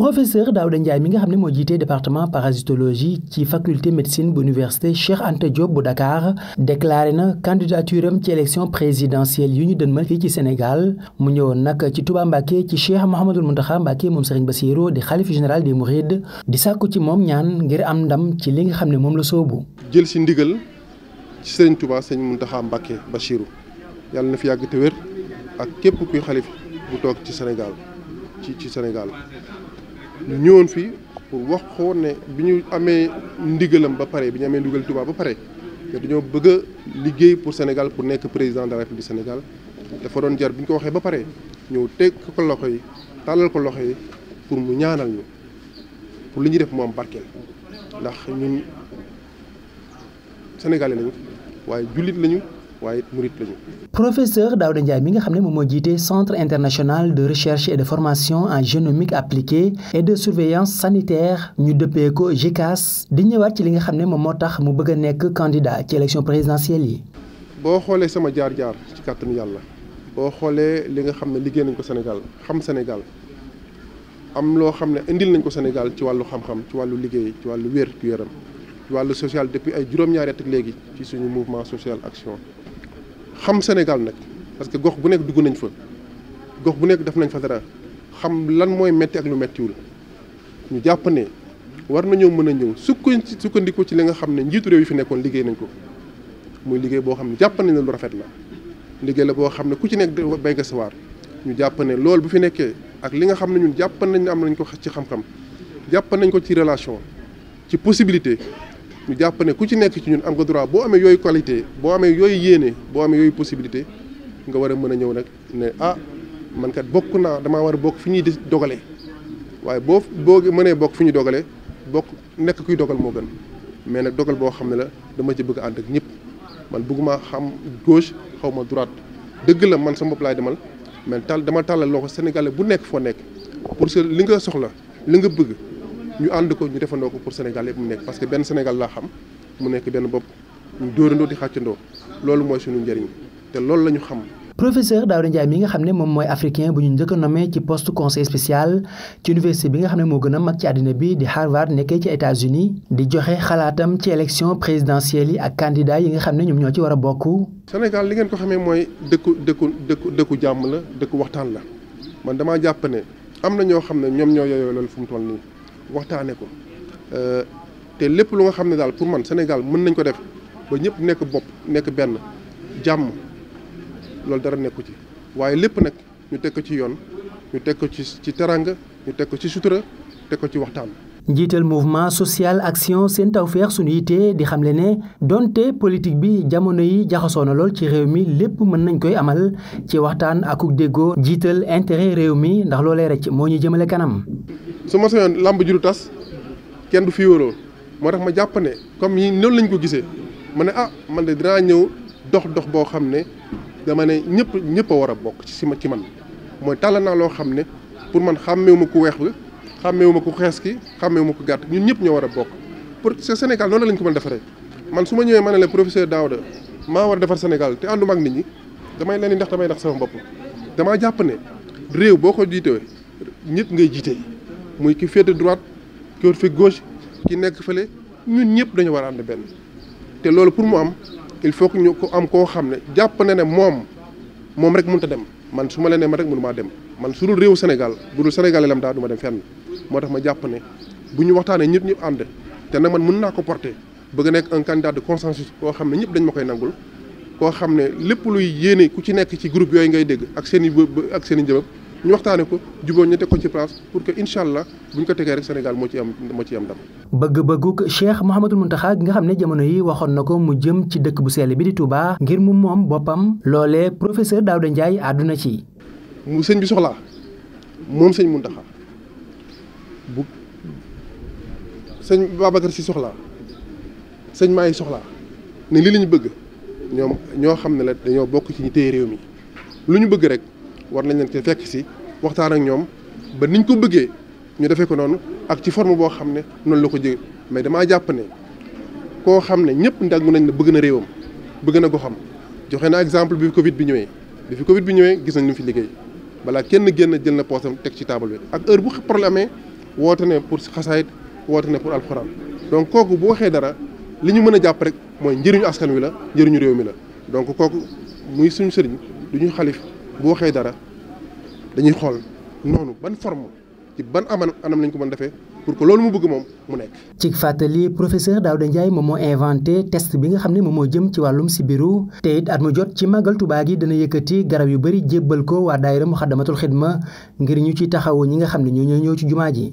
professeur Daouda Ndiaye mi nga xam ne moo jiite département parasitologie ci faculté médecine bu université Cheikh Anta Diop bu Dakar déclaré na candidature am ci élection présidentielle yu ñu dënmal fii ci Sénégal mu ñëwoon nag ci Touba Mbacké ci Cheikh Mouhamadul Mountakha Mbacké moom Serigne Bassirou di xalif général des Mourides di sàkku ci moom ñaan ngir am ndam ci li nga xam ne moom la soobu. jël si ndigal ci Serigne Touba Serigne Mountakha Mbacké Bassirou yàlla fi yàgg ak képp kuy ci Sénégal ci Sénégal ñu ñëwoon fii pour wax ko ne bi ñu amee ndigalam ba pare bi ñu amee ndigal Touba ba pare te dañoo bëgg a liggéey pour Sénégal pour nekk président de la République du Sénégal dafa doon jar bi ñu ko waxee ba pare ñëw teg ko loxo yi tàllal ko loxo yi pour mu ñaanal ñu pour li ñuy def mu am barkeel ndax ñun sénégalais lañu waaye jullit lañu. waaye it murit lañu. professeur Daouda Ndiaye mi nga xam ne moom moo jiite centre international de recherche et de formation en génomique appliquée et de surveillance sanitaire ñu dëppee ko GICAS di ñëwaat ci li nga xam ne moom moo tax mu bëgg a nekk candidat ci élection présidentielle yi. boo xoolee sama jaar-jaar ci kàttanu yàlla boo xoolee li nga xam ne liggéey nañ ko Sénégal xam Sénégal am loo xam ne indil nañ ko Sénégal ci wàllu xam-xam ci wàllu liggéey ci wàllu wér gu wàllu social depuis ay juróom-ñaari at léegi ci suñu mouvement social action xam Sénégal nag parce que gox bu nekk dugg nañ fa gox bu nekk def nañ fa dara xam lan mooy metti ak lu mettiwul ñu jàpp ne war nañoo mën a ñëw sukkan sukkandiku ci li nga xam ne njiitu réew yi fi nekkoon liggéey nañ ko muy liggéey boo xam ne jàpp nañ ne lu rafet la liggéey la boo xam ne ku ci nekk béy nga sawaar ñu jàpp ne loolu bu fi nekkee ak li nga xam ne ñun jàpp nañ ne am nañ ko ci xam-xam jàpp nañ ko ci relation ci possibilité ñu jàpp ne ku ci nekk ci ñun am nga droit boo amee yooyu qualité boo amee yooyu yéene boo amee yooyu possibilité nga war a mën a ñëw nag ne ah man kat bokk naa damaa war a bokk fi ñuy dogale waaye boo boo mënee bokk fi ñu dogale bokk nekk kuy dogal moo gën mais nag dogal boo xam ne la dama ci bëgg ànd ak ñëpp man bëgguma xam gauche xaw ma droite dëgg la man sa bopp laay demal mais tal dama tàllal loxo Sénégalais bu nekk foo nekk pour que li nga soxla li nga bëgg. ñu ànd ko ñu defandoo ko pour Sénégal yëpp mu nekk parce que benn Sénégal laa xam mu nekk benn bopp ñu dóorandoo di xàccandoo loolu mooy suñu njariñ te loolu la ñu xam. professeur Daouda Ndiaye mi nga xam ne moom mooy africain bu ñu njëkk a nommé ci poste conseil spécial ci université bi nga xam ne moo gën a mag ci àddina bi di Harvard nekkee ci États-Unis di joxe xalaatam ci élection présidentielle yi ak candidat yi nga xam ne ñoom ñoo ci war a bokk. Sénégal li ngeen ko xamee mooy dëkku dëkku dëkku dëkku jàmm la dëkku waxtaan la man damaa jàpp ne am na ñoo xam ne ñoom ñoo yeyoo loolu fu mu toll nii waxtaanee ko euh, te lépp lu nga xam ne daal pour man Sénégal mën nañ ko def ba ñëpp nekk bopp nekk benn jàmm loolu dara nekku ci waaye lépp nag ñu teg ko ci yoon ñu teg ko ci ci teranga ñu teg ko ci sutura teg ko ci waxtaan. njiital mouvement social action seen tawfeex suñu yitee di xam ne ne donte politique bi jamono yi jaxasoo na lool ci réew mi lépp mën nañ koy amal ci waxtaan akuk déggoo jiital intérêt réew mi ndax loolee rek moo ñu jëmale kanam. su ma soyoon làmb ju du tas kenn du fi wóoroo moo tax ma jàpp ne comme yi noonu lañ ko gisee ma ne ah man de dinaa ñëw dox dox boo xam ne dama ne ñëpp ñëpp a war a bokk ci ma ci man mooy tàll naa loo xam ne pour man xàmmewuma ku weex bi xàmmewuma ku xees ki xàmmewuma ku gàtt ñun ñëpp ñoo war a bokk pour ce Sénégal noonu lañ ko mën defaree man su ma ñëwee ma ne la professeur Daouda maa war a defar Sénégal te ànduma ak nit ñi damay leen di ndax damay ndax sama bopp damaa jàpp ne réew boo ko jiitewee ñëpp ngay jiite muy ki féete droite ki wër fi gauche ki nekk fële ñun ñëpp dañu war a ànd benn te loolu pour mu am il faut que ñu ko am koo xam ne jàpp na ne moom moom rek mënut a dem man su ma leen ne man rek mënu maa dem man su dul réewu Sénégal bu dul Sénégal lam daa ma dem fenn moo tax ma jàpp ne bu ñu waxtaanee ñëpp ñëpp ànd te nag man mën naa ko porter bëgg nekk un candidat de consensus koo xam ne ñëpp dañ ma koy nangul koo xam ne lépp luy yéene ku ci nekk ci groupe yooyu ngay dégg ak seen i ak seen i ñu waxtaane ko jubóo ñu teg ko ci place pour que incha allah bu ñu ko tegee rek Sénégal moo ci am moo ci am ndam. bëgg-bëgguk Cheikh Mouhamadul Mountakha gi nga xam ne jamono yi waxoon na ko mu jëm ci dëkk bu sell bi di Touba ngir mu moom boppam loolee professeur Daouda Ndiaye àdduna ci. mu sëñ bi soxlaa moom sëñ Mountakha bu sëñ Babacar si soxlaa sëñ maa yi soxlaa ne li lañu bëgg ñoom ñoo xam ne la dañoo bokk ci ñi téye réew mi lu ñu bëgg rek. war nañ leen ci fekk si waxtaan ak ñoom ba niñ ko bëggee ñu defee ko noonu ak ci forme boo xam ne noonu la ko jëg mais damaa jàpp ne koo xam ne ñëpp ndàngu nañ ne bëgg na réewam bëgg na ko xam joxe na exemple bi Covid bi ñëwee bi fi Covid bi ñëwee gis nañ lu fi liggéey balaa kenn génn jël na poosam teg ci taabal bi ak heure bu problème amee woote ne pour xasaayit woote ne pour alxuraan donc kooku bu waxee dara li ñu mën a jàpp rek mooy njëriñu askan wi la njëriñu réew mi la donc kooku muy suñu sëriñ du ñu xalif bu waxee dara dañuy xool noonu ban forme ci ban aman anam lañ ko mën defee pour que loolu mu bëgg moom mu nekk. ci fàttali professeur Daouda Ndiaye moom moo inventé test bi nga xam ne moom moo jëm ci wàllum sibiru te it at mu jot ci màggal Tuubaa gi dana yëkkati garab yu bari jébbal ko waa daayira Muxaddamatul Xidma ngir ñu ci taxawu ñi nga xam ne ñoo ñoo ñëw ci jumaa ji.